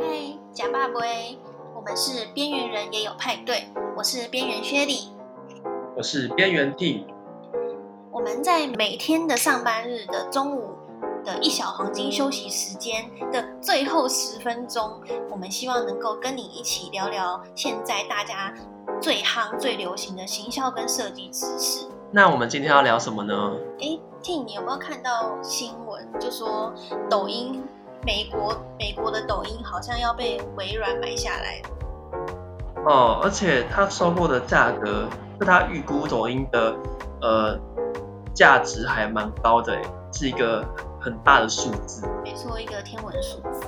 嗨，呷霸沒，我們是邊緣人也有派對，我是邊緣薛禮，我是邊緣 T。我們在每天的上班日的中午的一小黃金休息時間的最後十分鐘，我們希望能夠跟你一起聊聊現在大家最夯、最流行的行銷跟設計知識。那我們今天要聊什麼呢？哎、欸、T，你有沒有看到新聞，就說抖音，美國美國的抖音好像要被微軟買下來的哦，而且他收購的價格，是他預估抖音的呃價值還蠻高的，是一個很大的數字。沒錯，一個天文數字。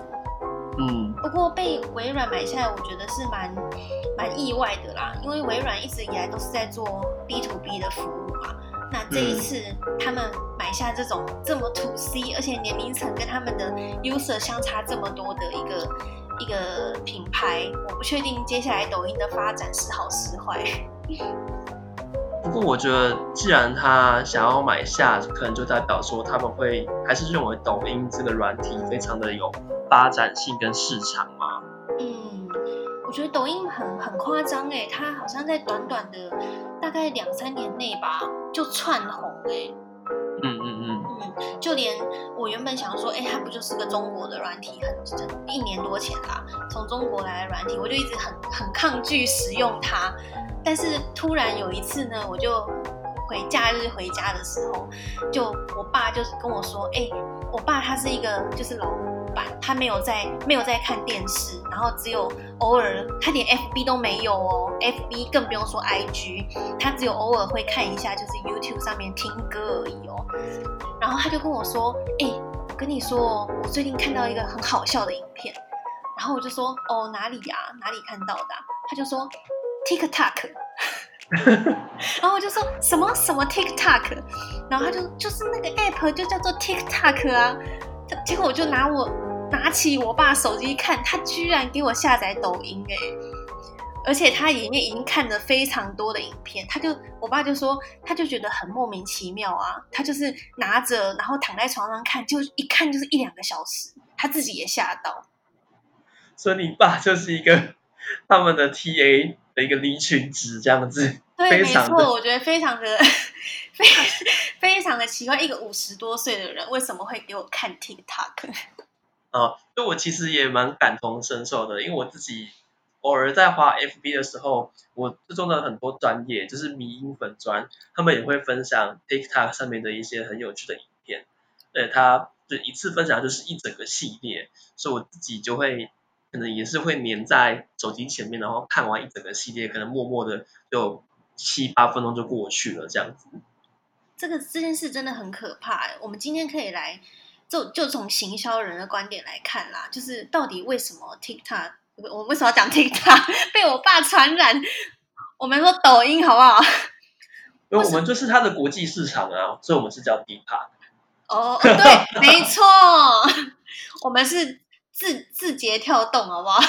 嗯。不過被微軟買下來，我覺得是蠻蠻意外的啦，因為微軟一直以來都是在做 B to B 的服務嘛。那這一次他們、嗯。買下這種這麼土 C，而且年齡層跟他們的優色相差這麼多的一個一個品牌，我不確定接下來抖音的發展是好是壞。不過我覺得，既然他想要買下，可能就代表說他們會還是認為抖音這個軟體非常的有發展性跟市場嗎？嗯，我覺得抖音很很誇張誒，它好像在短短的大概兩三年內吧就竄紅誒、欸。嗯嗯嗯嗯，就連我原本想說，哎、欸，它不就是個中國的軟體、啊，很一年多前啦、啊，從中國來的軟體，我就一直很很抗拒使用它。但是突然有一次呢，我就回假日回家的時候，就我爸就跟我說，哎、欸，我爸他是一個就是老。他沒有在，沒有在看電視，然後只有偶爾，他連 FB 都沒有哦，FB 更不用說 IG，他只有偶爾會看一下，就是 YouTube 上面聽歌而已哦。然後他就跟我說：“哎、欸，我跟你說，我最近看到一個很好笑的影片。”然後我就說：“哦，哪裡呀、啊？哪裡看到的、啊？”他就說：“TikTok。 ”然後我就說什麼，什麼 TikTok，然後他就就是那個 App 就叫做 TikTok 啊。結果我就拿我。拿起我爸手機看，他居然給我下載抖音欸。而且他裡面已經看了非常多的影片，他就我爸就說，他就覺得很莫名其妙啊！他就是拿着，然後躺在床上看，就一看就是一兩個小時，他自己也嚇到。所以你爸就是一個他們的 TA 的一個離群值，這樣子，對，沒錯，我覺得非常的非常非常的奇怪，一個五十多歲的人為什麼會給我看 TikTok？啊，對我其實也蠻感同身受的，因為我自己偶爾在花 FB 的時候，我做了很多專頁，就是迷因粉專，他們也會分享 TikTok 上面的一些很有趣的影片，呃，他就一次分享就是一整個系列，所以我自己就會可能也是會黏在手機前面，然後看完一整個系列，可能默默的就七八分鐘就過去了，這樣子。這個這件事真的很可怕，我們今天可以來。就就從行銷人的觀點來看啦，就是到底為什麼 TikTok 我我為什麼要講 TikTok 被我爸傳染？我們說抖音好不好？為因為我們就是它的國際市場啊，所以我們是叫 TikTok 哦，對，沒錯， 我們是字字節跳動，好不好？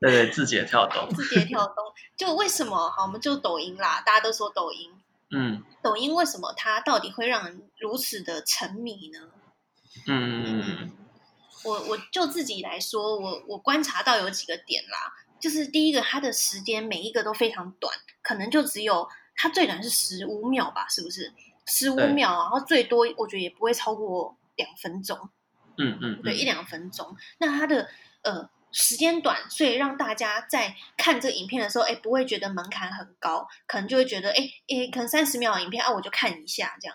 對對，字節跳動，字節跳動。就為什麼好？我們就抖音啦，大家都說抖音。嗯，抖音為什麼它到底會讓人如此的沉迷呢？嗯嗯嗯嗯，我我就自己來說，我我觀察到有幾個點啦，就是第一個，它的時間每一個都非常短，可能就只有它最短是十五秒吧，是不是？十五秒，然後最多我覺得也不會超過兩分鐘，嗯嗯嗯，對，一兩分鐘。那它的呃時間短，所以讓大家在看這影片的時候，哎，不會覺得門檻很高，可能就會覺得哎哎，可能三十秒影片啊，我就看一下這樣。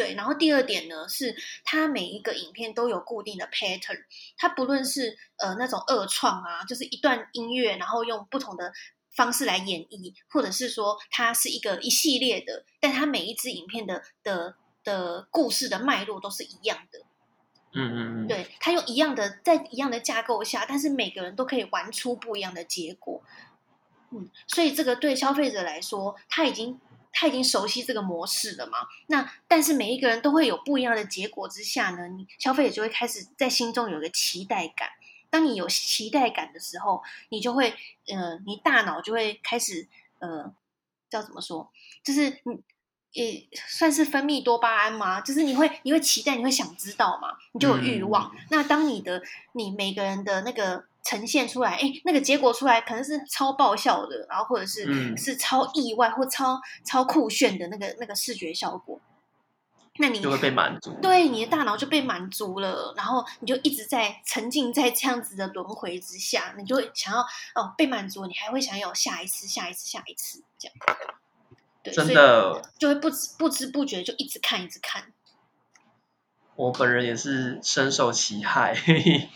對，然後第二點呢，是它每一個影片都有固定的 pattern，它不論是呃那種二創啊，就是一段音樂，然後用不同的方式來演繹，或者是說它是一個一系列的，但它每一支影片的的的故事的脈絡都是一樣的，嗯嗯嗯，對，他用一樣的在一樣的架構下，但是每個人都可以玩出不一樣的結果，嗯，所以這個對消費者來說，他已經。他已經熟悉這個模式了嘛。那但是每一個人都會有不一樣的結果之下呢，你消費者就會開始在心中有一個期待感。當你有期待感的時候，你就會呃，你大腦就會開始呃，叫怎麼說？就是嗯，也算是分泌多巴胺嘛。就是你會你會期待，你會想知道嘛，你就有慾望。嗯、那當你的你每個人的那個。呈現出來，哎，那個結果出來可能是超爆笑的，然後或者是，嗯、是超意外或超超酷炫的那個那個視覺效果，那你就會被滿足，對，你的大腦就被滿足了，然後你就一直在沉浸在這樣子的輪迴之下，你就會想要哦被滿足，你還會想要下一次、下一次、下一次這樣，對，真的，所以就會不知不知不覺就一直看、一直看。我本人也是深受其害。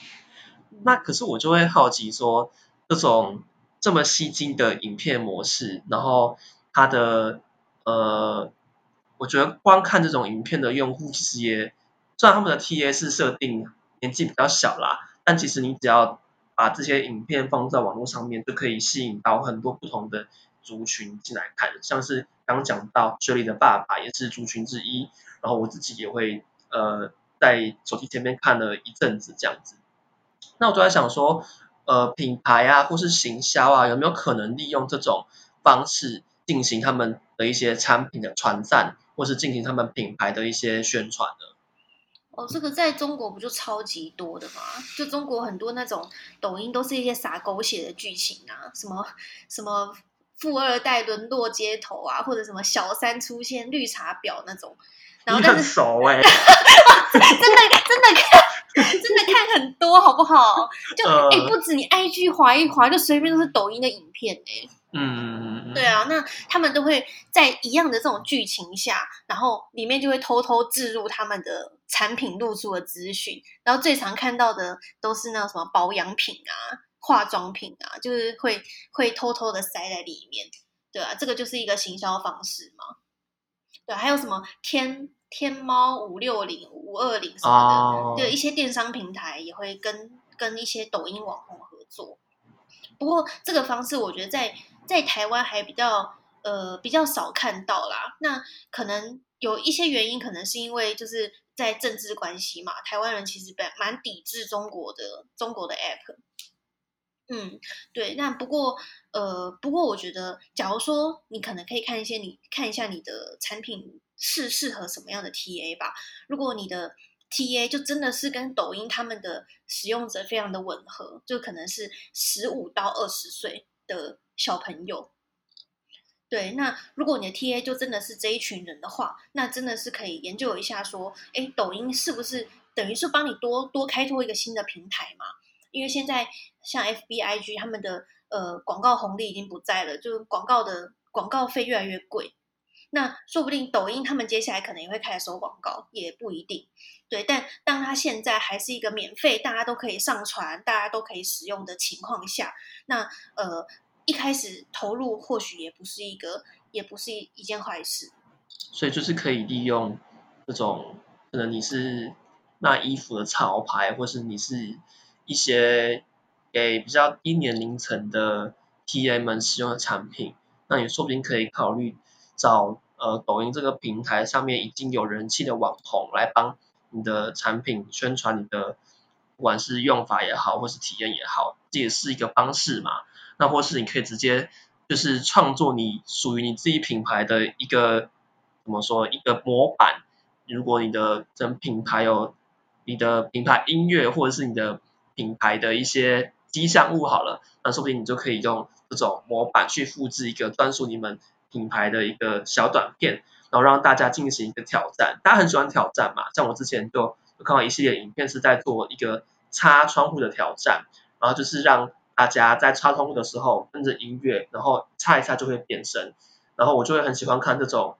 那可是我就會好奇說，這種這麼吸睛的影片模式，然後它的呃，我覺得光看這種影片的用戶其實也，雖然他們的 TA 是設定年紀比較小啦，但其實你只要把這些影片放在網絡上面，就可以吸引到很多不同的族群進來看。像是剛講到《雪莉的爸爸》也是族群之一，然後我自己也會呃在手機前面看了一陣子這樣子。那我就在想說，呃，品牌啊，或是行銷啊，有沒有可能利用這種方式進行他們的一些產品的傳讚，或是進行他們品牌的一些宣傳呢？哦，這個在中國不就超級多的嗎？就中國很多那種抖音都是一些撒狗血的劇情啊，什麼什麼富二代淪落街頭啊，或者什麼小三出現綠茶婊那種。然後但是你很熟哎、欸， 真的真的看真的看很多，好不好？就誒、呃、欸、不止你 IG 滑一滑，就隨便都是抖音的影片誒、欸、嗯對啊，那他們都會在一樣的這種劇情下，然後裡面就會偷偷置入他們的產品露出的資訊，然後最常看到的都是那種什麼保養品啊、化妝品啊，就是會會偷偷的塞在裡面，對啊，這個就是一個行銷方式嘛。對，還有什麼天天貓、五六零、五二零什麼的，對、oh. 一些電商平台也會跟跟一些抖音網紅合作。不過這個方式，我覺得在在台灣還比較呃比較少看到啦。那可能有一些原因，可能是因為就是在政治關係嘛，台灣人其實蠻抵制中國的中國的 app。嗯，對，那不過，呃，不過我覺得，假如說你可能可以看一些，你看一下你的產品是適合什麼樣的 TA 吧。如果你的 TA 就真的是跟抖音他們的使用者非常的吻合，就可能是十五到二十歲的小朋友。對，那如果你的 TA 就真的是這一群人的話，那真的是可以研究一下，說，誒，抖音是不是等於是幫你多多開拓一個新的平台嘛？因為現在像 FB IG 他們的呃廣告紅利已經不在了，就是廣告的廣告費越來越貴。那說不定抖音他們接下來可能也會開始收廣告，也不一定。對，但當它現在還是一個免費，大家都可以上傳，大家都可以使用的情況下，那呃一開始投入或許也不是一個，也不是一件壞事。所以就是可以利用這種，可能你是賣衣服的潮牌，或是你是。一些給比較低年齡層的 TA 們使用的產品，那你說不定可以考慮找呃抖音這個平台上面已經有人氣的網紅來幫你的產品宣傳你的，不管是用法也好，或是體驗也好，這也是一個方式嘛。那或是你可以直接就是創作你屬於你自己品牌的一個怎麼說一個模板。如果你的整品牌有你的品牌音樂或者是你的品牌的一些吉祥物好了，那說不定你就可以用這種模板去複製一個專屬你們品牌的一個小短片，然後讓大家進行一個挑戰。大家很喜歡挑戰嘛，像我之前就我看到一系列影片是在做一個擦窗戶的挑戰，然後就是讓大家在擦窗戶的時候跟着音樂，然後擦一擦就會變身。然後我就會很喜歡看這種，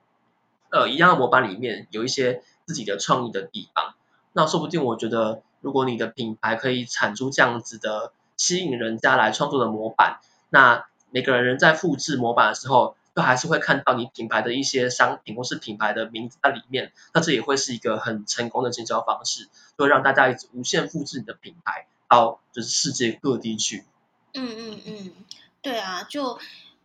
呃，一樣的模板裡面有一些自己的創意的地方。那說不定我覺得。如果你的品牌可以產出這樣子的吸引人家來創作的模板，那每個人在複製模板的時候，都還是會看到你品牌的一些商品或是品牌的名字在裡面。那這也會是一個很成功的經銷方式，就會讓大家一直無限複製你的品牌到就是世界各地去。嗯嗯嗯，對啊，就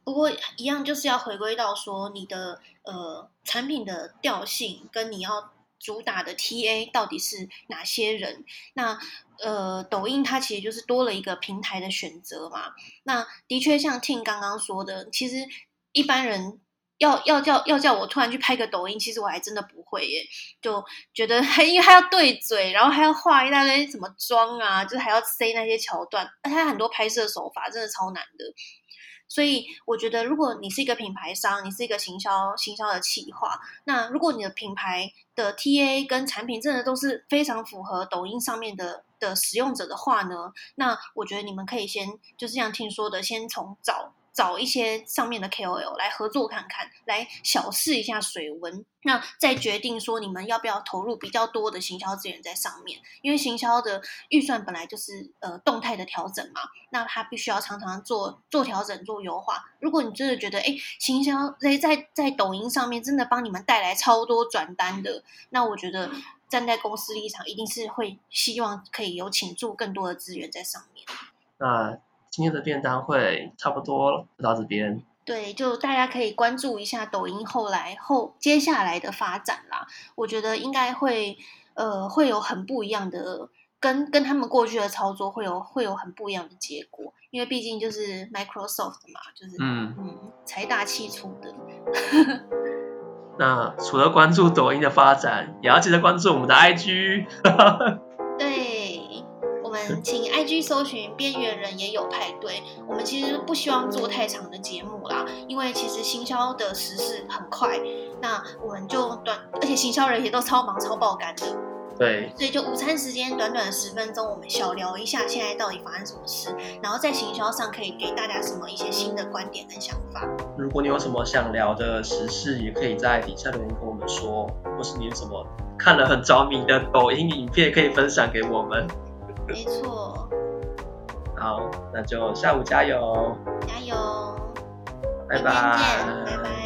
不過一樣就是要回歸到說你的呃產品的調性跟你要。主打的 TA 到底是哪些人？那呃，抖音它其實就是多了一個平台的選擇嘛。那的確像 Ting 剛剛說的，其實一般人要要叫要叫我突然去拍個抖音，其實我還真的不會耶，就覺得還因為還要對嘴，然後還要畫一大堆什麼妝啊，就是還要塞那些橋段，而且很多拍攝手法真的超難的。所以我覺得，如果你是一個品牌商，你是一個行銷行銷的企劃，那如果你的品牌的 TA 跟產品真的都是非常符合抖音上面的的使用者的話呢，那我覺得你們可以先，就是這樣聽說的，先從找。找一些上面的 KOL 來合作看看，來小試一下水溫，那再決定說你們要不要投入比較多的行銷資源在上面。因為行銷的預算本來就是呃動態的調整嘛，那他必須要常常做做調整做優化。如果你真的覺得哎、欸，行銷、欸、在在在抖音上面真的幫你們帶來超多轉單的，那我覺得站在公司立場一定是會希望可以有挹注更多的資源在上面。那、嗯。今天的便當會差不多了，到這邊。對，就大家可以關注一下抖音後來後接下來的發展啦。我覺得應該會，呃，會有很不一樣的，跟跟他們過去的操作會有會有很不一樣的結果。因為畢竟就是 Microsoft 嘛，就是嗯嗯，財大氣粗的。 那除了關注抖音的發展，也要記得關注我們的 IG。 嗯、請 IG 搜尋邊緣人也有派對。我們其實不希望做太長的節目啦，因為其實行銷的時事很快。那我們就短，而且行銷人也都超忙超爆肝的。對。所以就午餐時間短短十分鐘，我們小聊一下現在到底發生什麼事，然後在行銷上可以給大家什麼一些新的觀點跟想法。如果你有什麼想聊的時事，也可以在底下留言跟我們說，或是你有什麼看了很着迷的抖音影片，可以分享給我們。嗯沒錯，好，那就下午加油哦，加油，拜拜，拜拜。